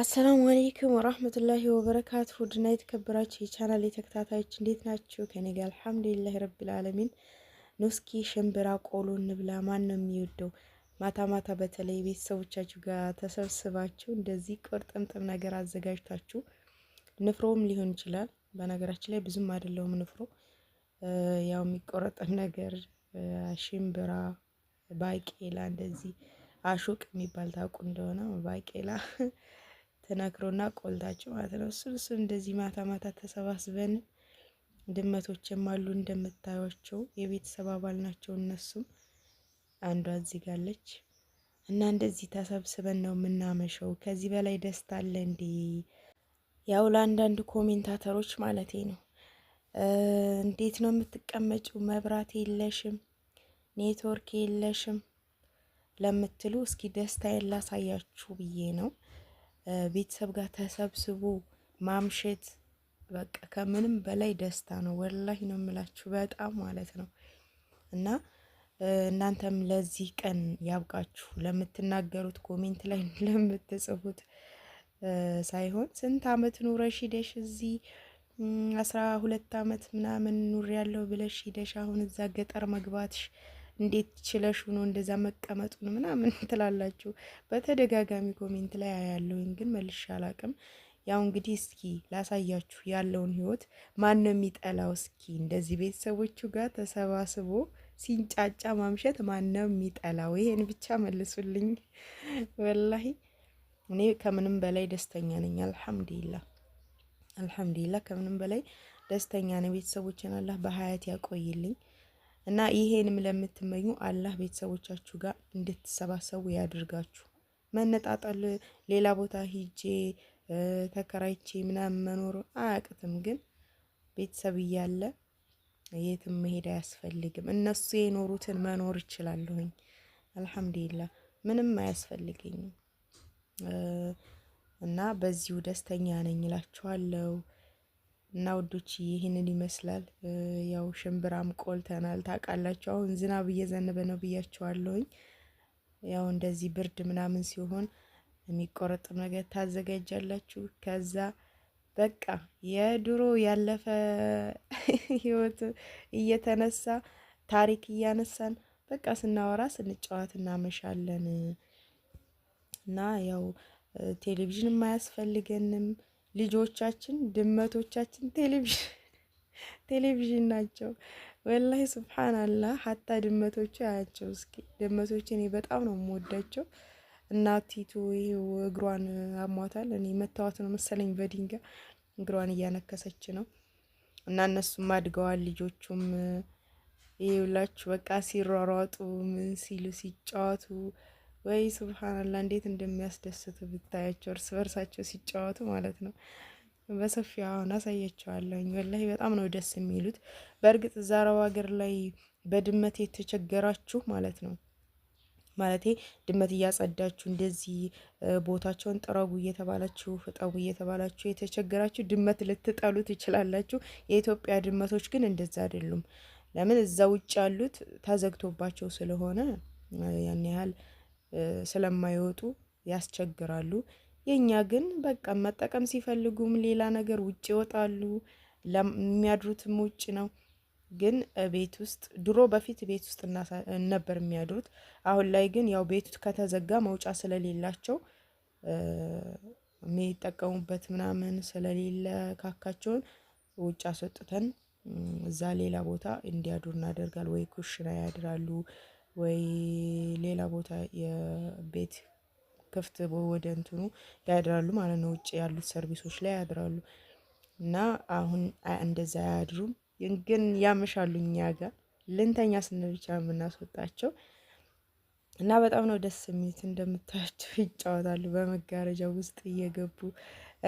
አሰላሙ አሌይኩም ወራህመቱላሂ ወበረካቱ ውድና የተከበራችሁ የቻናል የተከታታዮች እንዴት ናችሁ? ከኔ ጋር አልሐምዱሊላህ ረብል ኖስኪ ነው። እስኪ ሽምብራ ቆሎ እንብላ። ማን ነው የሚወደው? ማታ ማታ በተለይ ቤተሰቦቻችሁ ጋር ተሰብስባችሁ እንደዚህ ቁርጥምጥም ነገር አዘጋጅታችሁ ንፍሮም ሊሆን ይችላል። በነገራችን ላይ ብዙም አይደለውም ንፍሮ፣ ያው የሚቆረጥም ነገር ሽምብራ፣ ባቄላ እንደዚህ አሹቅ የሚባል ታውቁ እንደሆነ ባቄላ ተነክሮና ቆልታቸው ማለት ነው። እሱን እሱን እንደዚህ ማታ ማታ ተሰባስበን ድመቶችም አሉ እንደምታዩቸው የቤተሰብ አባል ናቸው እነሱም። አንዷ ጋለች እና እንደዚህ ተሰብስበን ነው የምናመሸው። ከዚህ በላይ ደስታ አለ እንዴ? ያው ለአንዳንድ ኮሜንታተሮች ማለቴ ነው። እንዴት ነው የምትቀመጭው መብራት የለሽም፣ ኔትወርክ የለሽም ለምትሉ እስኪ ደስታ ላሳያችሁ ብዬ ነው። ቤተሰብ ጋር ተሰብስቦ ማምሸት በቃ ከምንም በላይ ደስታ ነው። ወላሂ ነው የምላችሁ በጣም ማለት ነው። እና እናንተም ለዚህ ቀን ያብቃችሁ። ለምትናገሩት ኮሜንት ላይ ለምትጽፉት ሳይሆን ስንት አመት ኑረሽ ሂደሽ እዚህ አስራ ሁለት አመት ምናምን ኑር ያለው ብለሽ ሂደሽ አሁን እዛ ገጠር መግባትሽ እንዴት ችለሽ ነው እንደዛ መቀመጡን ምናምን ትላላችሁ። በተደጋጋሚ ኮሜንት ላይ ያለውኝ ግን መልሼ አላቅም። ያው እንግዲህ እስኪ ላሳያችሁ ያለውን ህይወት። ማን ነው የሚጠላው? እስኪ እንደዚህ ቤተሰቦቹ ጋር ተሰባስቦ ሲንጫጫ ማምሸት ማን ነው የሚጠላው? ይሄን ብቻ መልሱልኝ። ወላሂ እኔ ከምንም በላይ ደስተኛ ነኝ። አልሐምዱሊላ አልሐምዱሊላ ከምንም በላይ ደስተኛ ነኝ። ቤተሰቦችን አላህ በሀያት ያቆይልኝ። እና ይሄንም ለምትመኙ አላህ ቤተሰቦቻችሁ ጋር እንድትሰባሰቡ ያድርጋችሁ። መነጣጠል ሌላ ቦታ ሂጄ ተከራይቼ ምናምን መኖር አያቅትም፣ ግን ቤተሰብ እያለ የትም መሄድ አያስፈልግም። እነሱ የኖሩትን መኖር እችላለሁኝ። አልሐምዱሊላ ምንም አያስፈልገኝም እና በዚሁ ደስተኛ ነኝ እላችኋለሁ። እና ውዶች ይህንን ይመስላል። ያው ሽምብራም ቆልተናል ታውቃላችሁ። አሁን ዝናብ እየዘነበ ነው ብያችኋለሁኝ። ያው እንደዚህ ብርድ ምናምን ሲሆን የሚቆረጥ ነገር ታዘጋጃላችሁ። ከዛ በቃ የድሮ ያለፈ ህይወት እየተነሳ ታሪክ እያነሳን በቃ ስናወራ ስንጫወት እናመሻለን እና ያው ቴሌቪዥንም አያስፈልገንም። ልጆቻችን ድመቶቻችን ቴሌቪዥን ናቸው። ወላሂ ስብሓን ሀታ ድመቶቹ አያቸው እስኪ ድመቶች እኔ በጣም ነው የምወዳቸው። እናቲቱ ይሄው እግሯን አሟታል። እኔ መታወት ነው መሰለኝ በድንጋይ እግሯን እያነከሰች ነው። እና እነሱም አድገዋል። ልጆቹም ይኸውላችሁ በቃ ሲሯሯጡ ምን ሲሉ ሲጫወቱ ወይ ሱብሃንላ እንዴት እንደሚያስደስቱ ብታያቸው እርስ በርሳቸው ሲጫወቱ ማለት ነው። በሰፊው አሁን አሳያቸዋለሁኝ። ወላሂ በጣም ነው ደስ የሚሉት። በእርግጥ እዛ አረብ ሀገር ላይ በድመት የተቸገራችሁ ማለት ነው ማለት ድመት እያጸዳችሁ እንደዚህ ቦታቸውን ጥረጉ እየተባላችሁ ፍጠቡ እየተባላችሁ የተቸገራችሁ ድመት ልትጠሉ ትችላላችሁ። የኢትዮጵያ ድመቶች ግን እንደዛ አይደሉም። ለምን እዛ ውጭ ያሉት ተዘግቶባቸው ስለሆነ ያን ያህል ስለማይወጡ ያስቸግራሉ። የእኛ ግን በቃ መጠቀም ሲፈልጉም ሌላ ነገር ውጭ ይወጣሉ። የሚያድሩትም ውጭ ነው። ግን ቤት ውስጥ ድሮ በፊት ቤት ውስጥ ነበር የሚያድሩት። አሁን ላይ ግን ያው ቤቱ ከተዘጋ መውጫ ስለሌላቸው የሚጠቀሙበት ምናምን ስለሌለ ካካቸውን ውጭ አስወጥተን እዛ ሌላ ቦታ እንዲያድሩ እናደርጋል። ወይ ኩሽና ያድራሉ ወይ ሌላ ቦታ የቤት ክፍት ወደ እንትኑ ያድራሉ ማለት ነው። ውጭ ያሉት ሰርቪሶች ላይ ያድራሉ እና አሁን እንደዛ አያድሩም፣ ግን ያመሻሉ እኛ ጋር ልንተኛ ስንል ብቻ የምናስወጣቸው እና በጣም ነው ደስ የሚት እንደምታያቸው ይጫወታሉ በመጋረጃ ውስጥ እየገቡ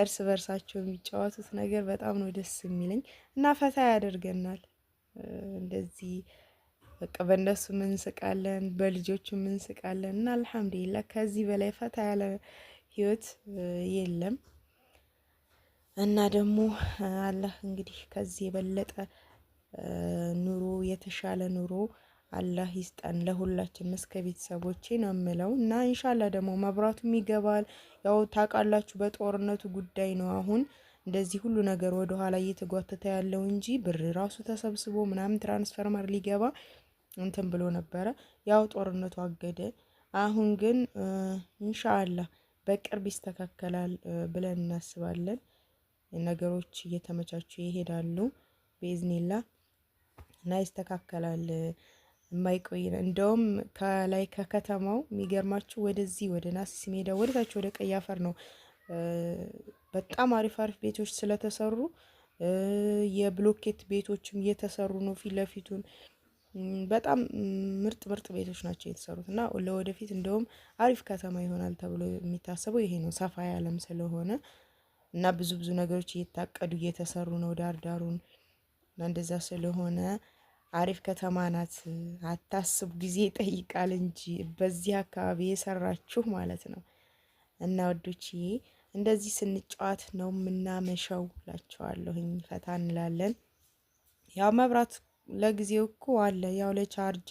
እርስ በርሳቸው የሚጫወቱት ነገር በጣም ነው ደስ የሚለኝ እና ፈታ ያደርገናል እንደዚህ በቃ በእነሱ እንስቃለን፣ በልጆቹም እንስቃለን እና አልሐምዱሊላ ከዚህ በላይ ፈታ ያለ ህይወት የለም። እና ደግሞ አላህ እንግዲህ ከዚህ የበለጠ ኑሮ የተሻለ ኑሮ አላህ ይስጠን ለሁላችን እስከ ቤተሰቦቼ ነው የምለው። እና እንሻላ ደግሞ መብራቱም ይገባል። ያው ታውቃላችሁ በጦርነቱ ጉዳይ ነው አሁን እንደዚህ ሁሉ ነገር ወደኋላ እየተጓተተ ያለው እንጂ ብር ራሱ ተሰብስቦ ምናምን ትራንስፈርመር ሊገባ እንትን ብሎ ነበረ። ያው ጦርነቱ አገደ። አሁን ግን እንሻአላ በቅርብ ይስተካከላል ብለን እናስባለን። ነገሮች እየተመቻቹ ይሄዳሉ ቤዝኒላ እና ይስተካከላል። የማይቆይ እንደውም ከላይ ከከተማው የሚገርማችሁ ወደዚህ ወደ ናስ ሜዳ ወደታች ወደ ቀይ አፈር ነው በጣም አሪፍ አሪፍ ቤቶች ስለተሰሩ የብሎኬት ቤቶችም እየተሰሩ ነው ፊት ለፊቱን በጣም ምርጥ ምርጥ ቤቶች ናቸው የተሰሩት እና ለወደፊት እንደውም አሪፍ ከተማ ይሆናል ተብሎ የሚታሰበው ይሄ ነው። ሰፋ ያለም ስለሆነ እና ብዙ ብዙ ነገሮች እየታቀዱ እየተሰሩ ነው ዳርዳሩን እና እንደዛ ስለሆነ አሪፍ ከተማ ናት። አታስቡ፣ ጊዜ ይጠይቃል እንጂ በዚህ አካባቢ የሰራችሁ ማለት ነው። እና ወዶችዬ እንደዚህ ስንጫወት ነው የምናመሸው ላቸዋለሁኝ። ፈታ እንላለን ያው መብራት ለጊዜው እኮ አለ ያው ለቻርጅ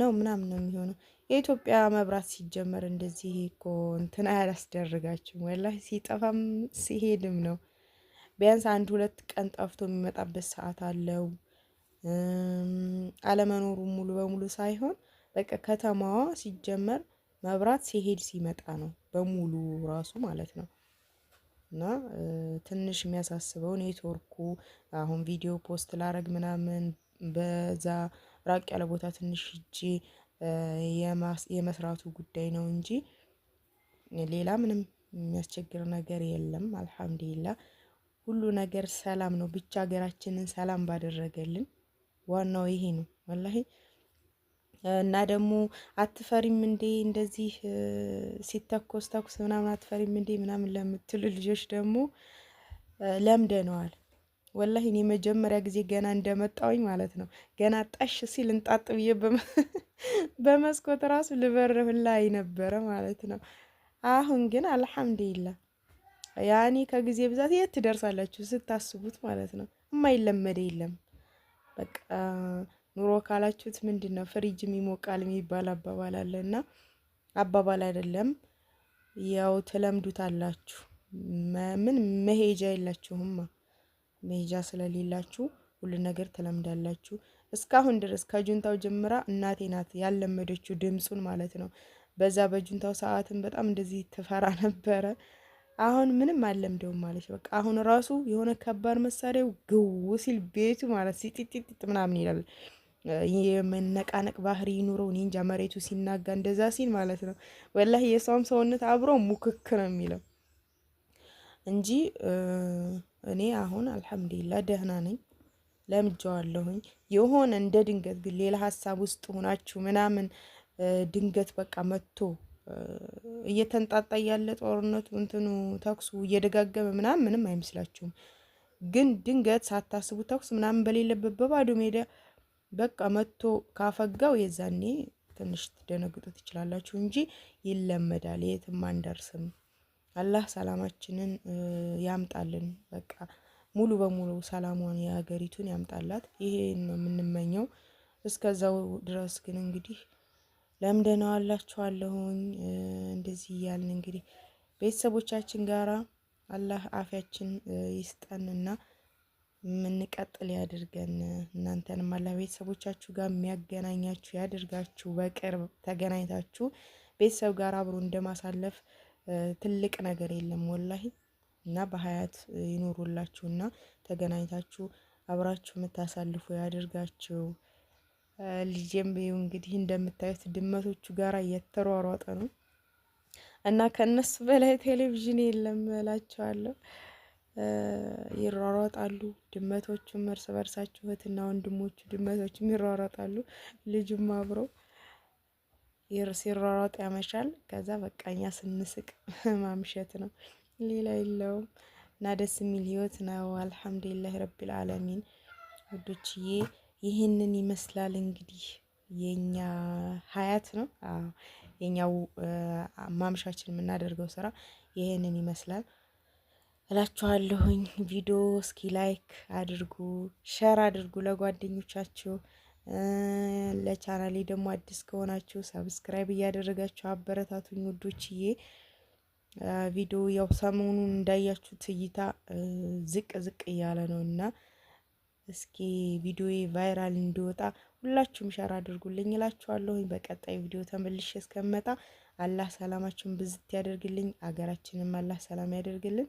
ነው ምናምን ነው የሚሆነው። የኢትዮጵያ መብራት ሲጀመር እንደዚህ እኮ እንትን አያስደርጋችሁም። ወላሂ ሲጠፋም ሲሄድም ነው። ቢያንስ አንድ ሁለት ቀን ጠፍቶ የሚመጣበት ሰዓት አለው። አለመኖሩ ሙሉ በሙሉ ሳይሆን በቃ ከተማዋ ሲጀመር መብራት ሲሄድ ሲመጣ ነው በሙሉ ራሱ ማለት ነው። እና ትንሽ የሚያሳስበው ኔትወርኩ አሁን ቪዲዮ ፖስት ላረግ ምናምን በዛ ራቅ ያለ ቦታ ትንሽ ሂጄ የመስራቱ ጉዳይ ነው እንጂ ሌላ ምንም የሚያስቸግር ነገር የለም። አልሐምዱሊላ ሁሉ ነገር ሰላም ነው። ብቻ ሀገራችንን ሰላም ባደረገልን ዋናው ይሄ ነው ወላሂ። እና ደግሞ አትፈሪም እንዴ እንደዚህ ሲተኮስ ተኩስ ምናምን አትፈሪም እንዴ ምናምን ለምትሉ ልጆች ደግሞ ለምደነዋል። ወላሂ እኔ መጀመሪያ ጊዜ ገና እንደመጣውኝ ማለት ነው ገና ጣሽ ሲል እንጣጥ ብዬ በመስኮት ራሱ ልበር ሁላ ነበረ ማለት ነው። አሁን ግን አልሐምዱሊላህ ያኔ ከጊዜ ብዛት የት ትደርሳላችሁ ስታስቡት ማለት ነው። የማይለመደ የለም በቃ ኑሮ ካላችሁት ምንድን ነው ፍሪጅም ይሞቃል የሚባል አባባል አለ እና አባባል አይደለም፣ ያው ትለምዱታላችሁ አላችሁ። ምን መሄጃ የላችሁማ። መሄጃ ስለሌላችሁ ሁሉ ነገር ትለምዳላችሁ። እስካሁን ድረስ ከጁንታው ጀምራ እናቴ ናት ያለመደችው ድምፁን ማለት ነው። በዛ በጁንታው ሰዓትን በጣም እንደዚህ ትፈራ ነበረ። አሁን ምንም አለምደውም ማለት በቃ አሁን ራሱ የሆነ ከባድ መሳሪያው ግው ሲል ቤቱ ማለት ሲጢጢጥ ምናምን ይላል። የመነቃነቅ ባህሪ ይኑረው። እኔ እንጃ መሬቱ ሲናጋ እንደዛ ሲል ማለት ነው ወላ የሰውም ሰውነት አብሮ ሙክክ ነው የሚለው እንጂ እኔ አሁን አልሐምዱሊላ ደህና ነኝ፣ ለምጄዋለሁኝ። የሆነ እንደ ድንገት ግን ሌላ ሀሳብ ውስጥ ሆናችሁ ምናምን ድንገት በቃ መጥቶ እየተንጣጣ ያለ ጦርነቱ እንትኑ ተኩሱ እየደጋገመ ምናምን ምንም አይመስላችሁም። ግን ድንገት ሳታስቡ ተኩስ ምናምን በሌለበት በባዶ ሜዳ በቃ መጥቶ ካፈጋው የዛኔ ትንሽ ትደነግጡ ትችላላችሁ እንጂ ይለመዳል። የትም አንደርስም። አላህ ሰላማችንን ያምጣልን። በቃ ሙሉ በሙሉ ሰላሟን የሀገሪቱን ያምጣላት። ይሄን ነው የምንመኘው። እስከዛው ድረስ ግን እንግዲህ ለምደነው አላችኋለሁኝ። እንደዚህ እያልን እንግዲህ ቤተሰቦቻችን ጋራ አላህ አፊያችን ይስጠንና የምንቀጥል ያድርገን። እናንተንም አላ ቤተሰቦቻችሁ ጋር የሚያገናኛችሁ ያድርጋችሁ። በቅርብ ተገናኝታችሁ ቤተሰብ ጋር አብሮ እንደማሳለፍ ትልቅ ነገር የለም ወላሂ እና በሀያት ይኖሩላችሁና ተገናኝታችሁ አብራችሁ የምታሳልፉ ያድርጋችሁ። ልጄም ቢዩ እንግዲህ እንደምታዩት ድመቶቹ ጋር እየተሯሯጠ ነው እና ከእነሱ በላይ ቴሌቪዥን የለም እላቸዋለሁ። ይሯሯጣሉ። ድመቶቹም እርስ በርሳቸው እህትና ወንድሞቹ ድመቶችም ይሯሯጣሉ። ልጁም አብሮ ሲሯሯጥ ያመሻል። ከዛ በቃ እኛ ስንስቅ ማምሸት ነው፣ ሌላ የለውም። እና ደስ የሚል ህይወት ነው። አልሐምዱሊላህ ረቢል አለሚን ውዶችዬ፣ ይህንን ይመስላል እንግዲህ የኛ ሀያት ነው የኛው ማምሻችን የምናደርገው ስራ ይህንን ይመስላል። እላችኋለሁኝ። ቪዲዮ እስኪ ላይክ አድርጉ፣ ሸር አድርጉ ለጓደኞቻችሁ። ለቻናሌ ደግሞ አዲስ ከሆናችሁ ሰብስክራይብ እያደረጋችሁ አበረታቱኝ ውዶችዬ። ቪዲዮ ያው ሰሞኑን እንዳያችሁት እይታ ዝቅ ዝቅ እያለ ነው እና እስኪ ቪዲዮ ቫይራል እንዲወጣ ሁላችሁም ሸር አድርጉልኝ እላችኋለሁኝ። በቀጣይ ቪዲዮ ተመልሼ እስከመጣ አላህ ሰላማችሁን ብዝት ያደርግልኝ፣ አገራችንም አላህ ሰላም ያደርግልን።